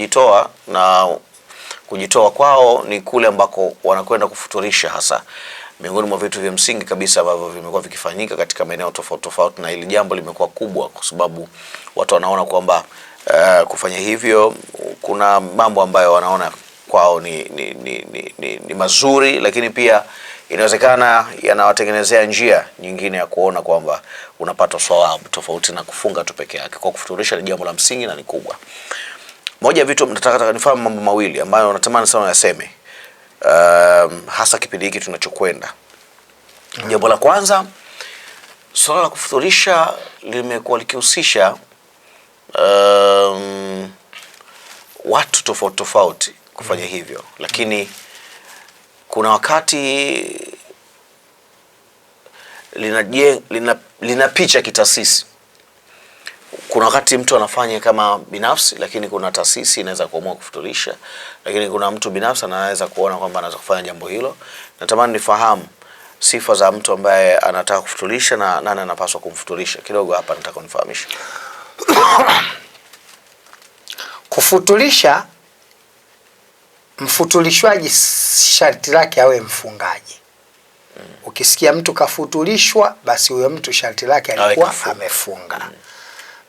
wanajitoa na kujitoa kwao ni kule ambako wanakwenda kufuturisha hasa miongoni mwa vitu vya msingi kabisa ambavyo vimekuwa vikifanyika katika maeneo tofauti tofauti, na hili jambo limekuwa kubwa kwa sababu watu wanaona kwamba uh, kufanya hivyo kuna mambo ambayo wanaona kwao ni, ni, ni, ni, ni, ni mazuri, lakini pia inawezekana yanawatengenezea njia nyingine ya kuona kwamba unapata sawabu tofauti na kufunga tu peke yake. Kwa kufuturisha ni jambo la msingi na ni kubwa. Moja ya vitu nataka nifahamu mambo mawili ambayo natamani sana yaseme, um, ehm, hasa kipindi hiki tunachokwenda. Jambo la kwanza, suala la kufuturisha limekuwa likihusisha um, watu tofauti tofauti kufanya mm. hivyo, lakini kuna wakati lina, lina, lina picha kitasisi kuna wakati mtu anafanya kama binafsi, lakini kuna taasisi inaweza kuamua kufuturisha, lakini kuna mtu binafsi anaweza kuona kwamba anaweza kufanya jambo hilo. Natamani nifahamu sifa za mtu ambaye anataka kufuturisha na nani anapaswa kumfuturisha. Kidogo hapa nataka unifahamishe. Kufuturisha, mfutulishwaji sharti lake awe mfungaji. Mm. Ukisikia mtu kafutulishwa, basi huyo mtu sharti lake alikuwa amefunga. Mm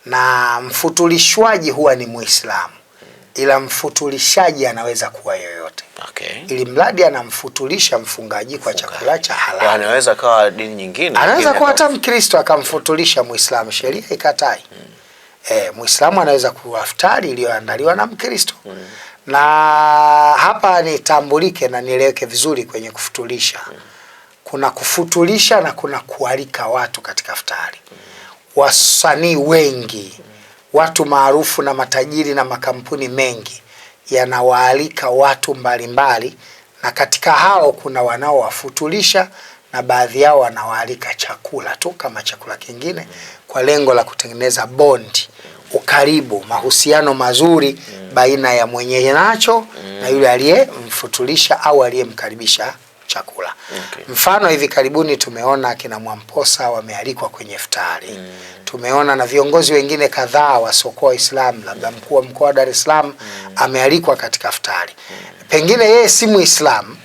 na mfutulishwaji huwa ni Muislamu, ila mfutulishaji anaweza kuwa yoyote okay. Ili mradi anamfutulisha mfungaji kwa chakula cha halali, anaweza kuwa dini nyingine, anaweza kuwa hata Mkristo akamfutulisha Muislamu, sheria ikatai. hmm. Eh, Muislamu anaweza kuwa iftari iliyoandaliwa na Mkristo. hmm. Na hapa nitambulike na nieleweke vizuri kwenye kufutulisha. Hmm. Kuna kufutulisha na kuna kualika watu katika iftari. Mm wasanii wengi, watu maarufu na matajiri na makampuni mengi yanawaalika watu mbalimbali mbali, na katika hao kuna wanaowafutulisha na baadhi yao wanawaalika chakula tu kama chakula kingine kwa lengo la kutengeneza bondi, ukaribu, mahusiano mazuri mm. baina ya mwenye nacho na yule aliyemfutulisha au aliyemkaribisha chakula okay. Mfano hivi karibuni tumeona akina Mwamposa wamealikwa kwenye iftari mm. Tumeona na viongozi wengine kadhaa wasiokuwa Waislamu, labda mm. mkuu wa mkoa wa Dar es Salaam mm. amealikwa katika iftari mm. Pengine yeye si Muislamu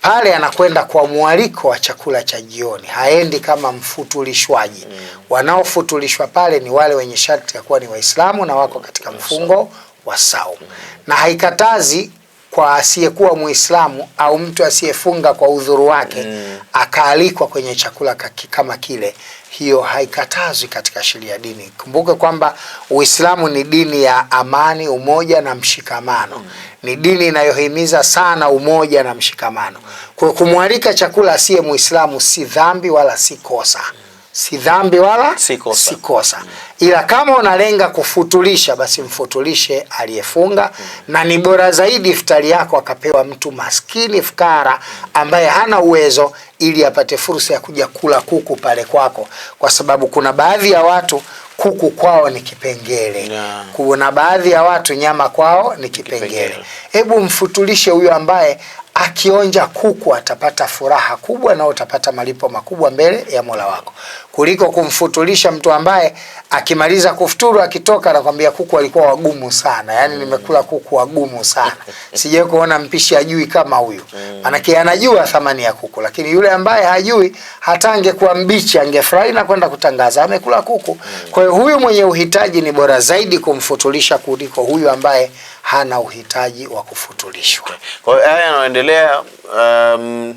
pale anakwenda kwa mwaliko wa chakula cha jioni, haendi kama mfutulishwaji mm. Wanaofutulishwa pale ni wale wenye sharti ya kuwa ni Waislamu na wako katika mfungo wa saumu, mm. na haikatazi kwa asiyekuwa Muislamu au mtu asiyefunga kwa udhuru wake mm. akaalikwa kwenye chakula kama kile, hiyo haikatazwi katika sheria ya dini. Kumbuke kwamba Uislamu ni dini ya amani, umoja na mshikamano mm. ni dini inayohimiza sana umoja na mshikamano. Kwa kumwalika chakula asiye Muislamu si dhambi wala si kosa mm si dhambi wala si kosa, si kosa. Mm. Ila kama unalenga kufutulisha basi mfutulishe aliyefunga mm. Na ni bora zaidi iftari yako akapewa mtu maskini fukara ambaye hana uwezo, ili apate fursa ya kuja kula kuku pale kwako, kwa sababu kuna baadhi ya watu kuku kwao ni kipengele yeah. Kuna baadhi ya watu nyama kwao ni kipengele. Hebu mfutulishe huyo ambaye akionja kuku atapata furaha kubwa na utapata malipo makubwa mbele ya Mola wako kuliko kumfutulisha mtu ambaye akimaliza kufuturu akitoka anakwambia kuku alikuwa wagumu sana, yaani nimekula kuku wagumu sana. Sijawahi kuona mpishi ajui kama huyu, mm. manake anajua thamani ya kuku. Lakini yule ambaye hajui, hata angekuwa mbichi angefurahi na kwenda kutangaza amekula kuku. Mm. Kwa hiyo huyu mwenye uhitaji ni bora zaidi kumfutulisha kuliko huyu ambaye hana uhitaji wa kufutulishwa. Kwa hiyo haya yanaendelea, um,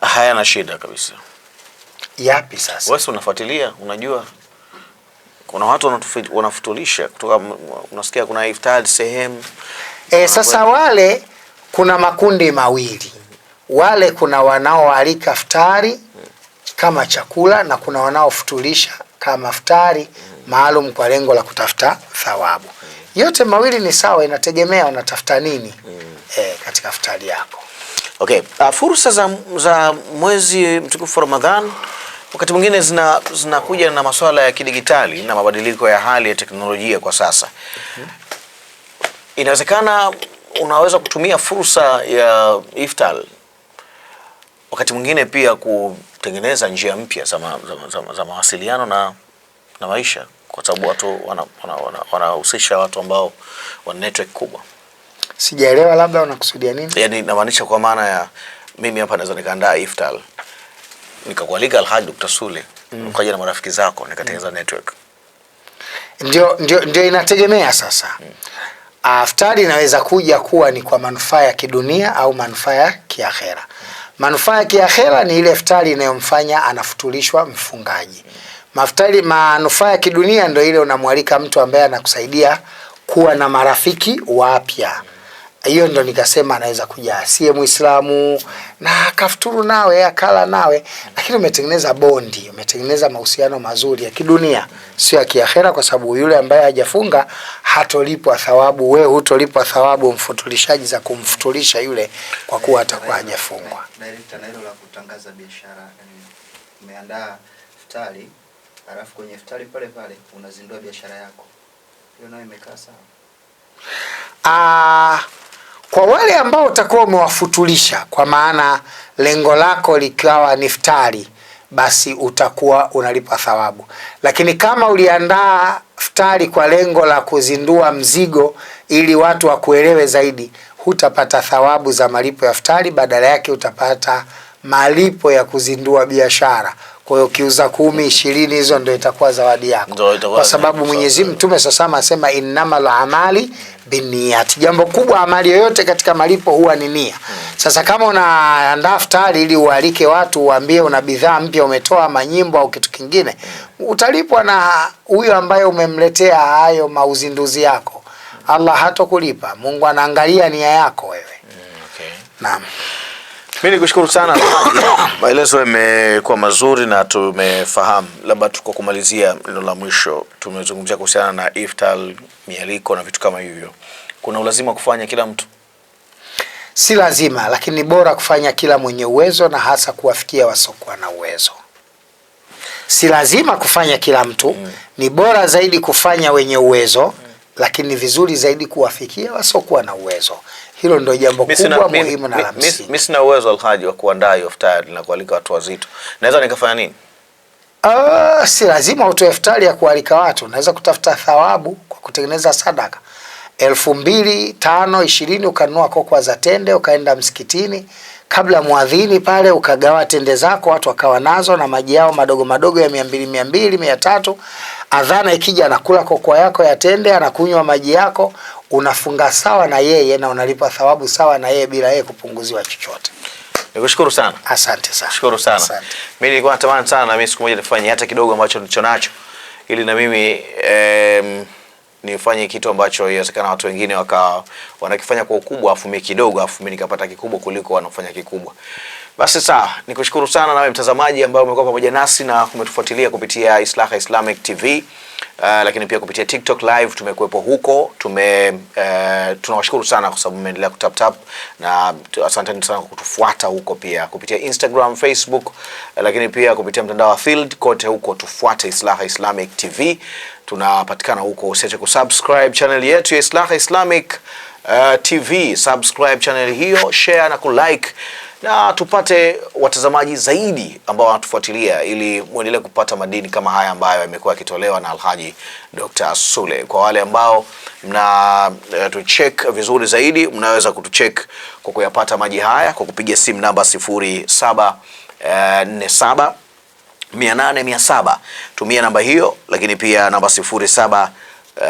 hayana shida kabisa. Yapi sasa? Wewe unafuatilia, unajua kuna watu wanafutulisha kutoka, unasikia kuna iftari sehemu e, sasa kwenye. Wale kuna makundi mawili, wale kuna wanaoalika iftari kama chakula na kuna wanaofutulisha kama iftari maalum kwa lengo la kutafuta thawabu. Yote mawili ni sawa, inategemea unatafuta nini mm. e, katika futari yako. Okay, uh, fursa za, za mwezi mtukufu Ramadhan wakati mwingine zinakuja zina na masuala ya kidigitali na mabadiliko ya hali ya teknolojia kwa sasa mm -hmm. Inawezekana unaweza kutumia fursa ya iftar wakati mwingine pia kutengeneza njia mpya za mawasiliano na, na maisha kwa sababu watu wanahusisha wana, wana, wana watu ambao wana network kubwa. Sijaelewa, labda unakusudia nini? Yani namaanisha kwa maana ya mimi hapa naweza nikaandaa iftar nikakualika Alhaji Dr. Sule mm. ukaja na marafiki zako nikatengeneza mm. network. Ndio, ndio, ndio inategemea sasa mm. Aftari inaweza kuja kuwa ni kwa manufaa ya kidunia au manufaa ya kiakhera. Mm. Manufaa ya kiakhera ni ile iftari inayomfanya anafutulishwa mfungaji. Mm maftali manufaa ya kidunia ndio ile, unamwalika mtu ambaye anakusaidia kuwa na marafiki wapya. Hiyo ndo nikasema anaweza kuja asiye Muislamu na kafuturu nawe akala nawe, lakini umetengeneza bondi, umetengeneza mahusiano mazuri ya kidunia, sio ya kiakhera, kwa sababu yule ambaye hajafunga hatolipwa thawabu, we hutolipwa thawabu mfutulishaji za kumfutulisha yule, kwa kuwa atakuwa hajafungwa. Na la kutangaza biashara, eh, umeandaa alafu kwenye iftari pale pale unazindua biashara yako, hiyo nayo imekaa sawa. Ah, kwa wale ambao utakuwa umewafutulisha, kwa maana lengo lako likawa ni iftari, basi utakuwa unalipa thawabu, lakini kama uliandaa iftari kwa lengo la kuzindua mzigo ili watu wakuelewe zaidi, hutapata thawabu za malipo ya iftari, badala yake utapata malipo ya kuzindua biashara. Kwa hiyo kiuza kumi ishirini hizo ndio itakuwa zawadi yako, kwa sababu Mwenyezi Mtume sasama asema innamal amali binniyat. Jambo kubwa, amali yoyote katika malipo huwa ni nia. Sasa kama unaandaa daftari ili ualike watu, uambie una bidhaa mpya umetoa, manyimbo au kitu kingine, utalipwa na huyo ambaye umemletea hayo mauzinduzi yako. Allah hatokulipa. Mungu anaangalia nia yako wewe. Mm, Naam. Mimi nikushukuru sana maelezo yamekuwa mazuri na tumefahamu. Labda tuko kumalizia, neno la mwisho, tumezungumzia kuhusiana na iftar, mialiko na vitu kama hivyo. Kuna ulazima kufanya kila mtu? Si lazima, lakini ni bora kufanya kila mwenye uwezo, na hasa kuwafikia wasiokuwa na uwezo. Si lazima kufanya kila mtu mm. Ni bora zaidi kufanya wenye uwezo mm lakini ni vizuri zaidi kuwafikia wasiokuwa na uwezo. Hilo ndio jambo kubwa muhimu na la msingi. Mimi sina uwezo Alhaji wa kuandaa iftari na kualika watu wazito, naweza nikafanya nini? Ah, si lazima utoe iftari ya kualika watu, unaweza kutafuta thawabu kwa kutengeneza sadaka elfu mbili tano ishirini ukanunua kokwa za tende ukaenda msikitini kabla mwadhini pale ukagawa tende zako, watu wakawa nazo na maji yao madogo madogo ya mia mbili mia mbili mia tatu. Adhana ikija anakula kokoa yako ya tende, anakunywa maji yako, unafunga sawa na yeye na unalipa thawabu sawa na yeye bila yeye kupunguziwa chochote. Nikushukuru sana. Asante sana. Nikushukuru sana. Asante. Mimi nilikuwa natamani sana na mimi siku moja nifanye hata kidogo ambacho nilicho nacho ili na mimi eh, nifanye kitu ambacho inawezekana watu wengine waka wanakifanya kwa ukubwa, afu mimi kidogo, afu mimi nikapata kikubwa kuliko wanaofanya kikubwa. Basi sawa, nikushukuru sana nawe mtazamaji ambaye umekuwa pamoja nasi na umetufuatilia kupitia Islaha Islamic TV. Uh, lakini pia kupitia TikTok live tumekuepo huko tume, uh, tunawashukuru sana kwa sababu mmeendelea kutap tap na asante sana kwa kutufuata huko, pia kupitia Instagram, Facebook, uh, lakini pia kupitia mtandao wa Field kote huko tufuate Islaha Islamic TV, tunapatikana huko. Usiache kusubscribe channel yetu ya Islaha Islamic uh, eh, TV, subscribe channel hiyo, share na kulike na tupate watazamaji zaidi ambao wanatufuatilia ili muendelee kupata madini kama haya ambayo yamekuwa yakitolewa na Alhaji Dr. Sule. Kwa wale ambao mna uh, tucheck vizuri zaidi, mnaweza kutucheck kwa kuyapata maji haya kwa kupiga simu namba 0747 800 eh, tumia namba hiyo, lakini pia namba 07 uh,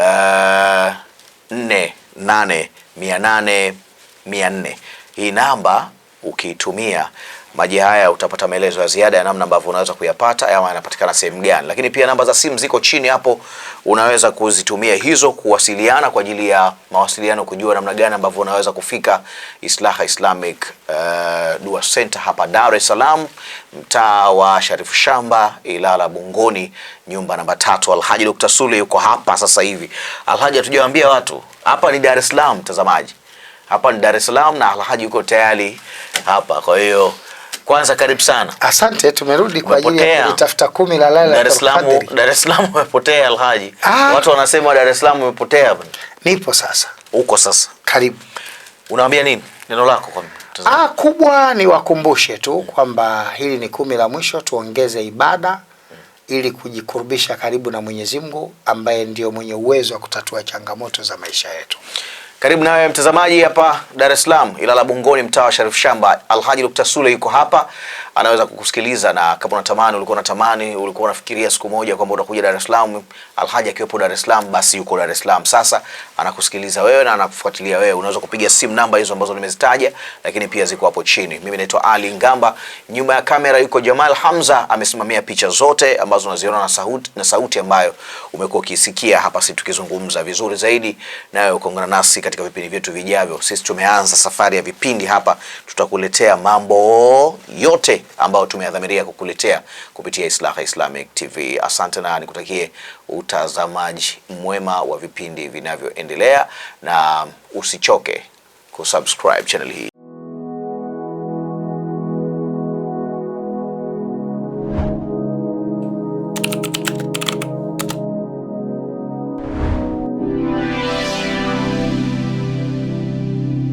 4 nane Hii namba ukiitumia maji haya utapata maelezo ya ziada ya namna ambavyo unaweza kuyapata ama yanapatikana sehemu gani, lakini pia namba za simu ziko chini hapo, unaweza kuzitumia hizo kuwasiliana kwa ajili ya mawasiliano, kujua namna gani ambavyo unaweza kufika Islaha Islamic uh, Dua Center hapa Dar es Salaam, mtaa wa Sharifu Shamba, Ilala Bungoni, nyumba namba tatu. Alhaji Dr. Sule yuko hapa sasa hivi. Alhaji, hatujawaambia watu hapa ni Dar es Salaam, mtazamaji, hapa ni Dar es Salaam na Alhaji yuko tayari hapa. Kwa hiyo kwanza, karibu sana, asante. Tumerudi kwa ajili ya kutafuta kumi la lala. Dar es Salaam, Dar es Salaam umepotea Alhaji. Ah, watu wanasema Dar es Salaam umepotea. Nipo sasa, uko sasa, karibu. Unawaambia nini, neno lako kwa mtazamaji? Ah, kubwa ni wakumbushe tu kwamba hili ni kumi la mwisho, tuongeze ibada ili kujikurubisha karibu na Mwenyezi Mungu ambaye ndiyo mwenye uwezo wa kutatua changamoto za maisha yetu. Karibu nawe mtazamaji hapa Dar es Salaam, Ilala Bungoni, mtaa wa Sharif Shamba. Alhaji Dr. Sule yuko hapa anaweza kukusikiliza, na kama unatamani, ulikuwa unatamani, ulikuwa unafikiria siku moja kwamba utakuja Dar es Salaam, Alhaji akiwepo Dar es Salaam, basi yuko Dar es Salaam sasa, anakusikiliza wewe na anakufuatilia wewe. Unaweza kupiga simu namba hizo ambazo nimezitaja, lakini pia ziko hapo chini. Mimi naitwa Ali Ngamba, nyuma ya kamera yuko Jamal Hamza, amesimamia picha zote ambazo unaziona na sauti, na sauti ambayo umekuwa ukisikia hapa, sisi tukizungumza vizuri zaidi, wewe ukaungana nasi katika vipindi vyetu vijavyo. Sisi tumeanza safari ya vipindi hapa, tutakuletea mambo yote ambao tumeadhamiria kukuletea kupitia Islaha Islamic TV. Asante na nikutakie utazamaji mwema wa vipindi vinavyoendelea, na usichoke kusubscribe channel hii.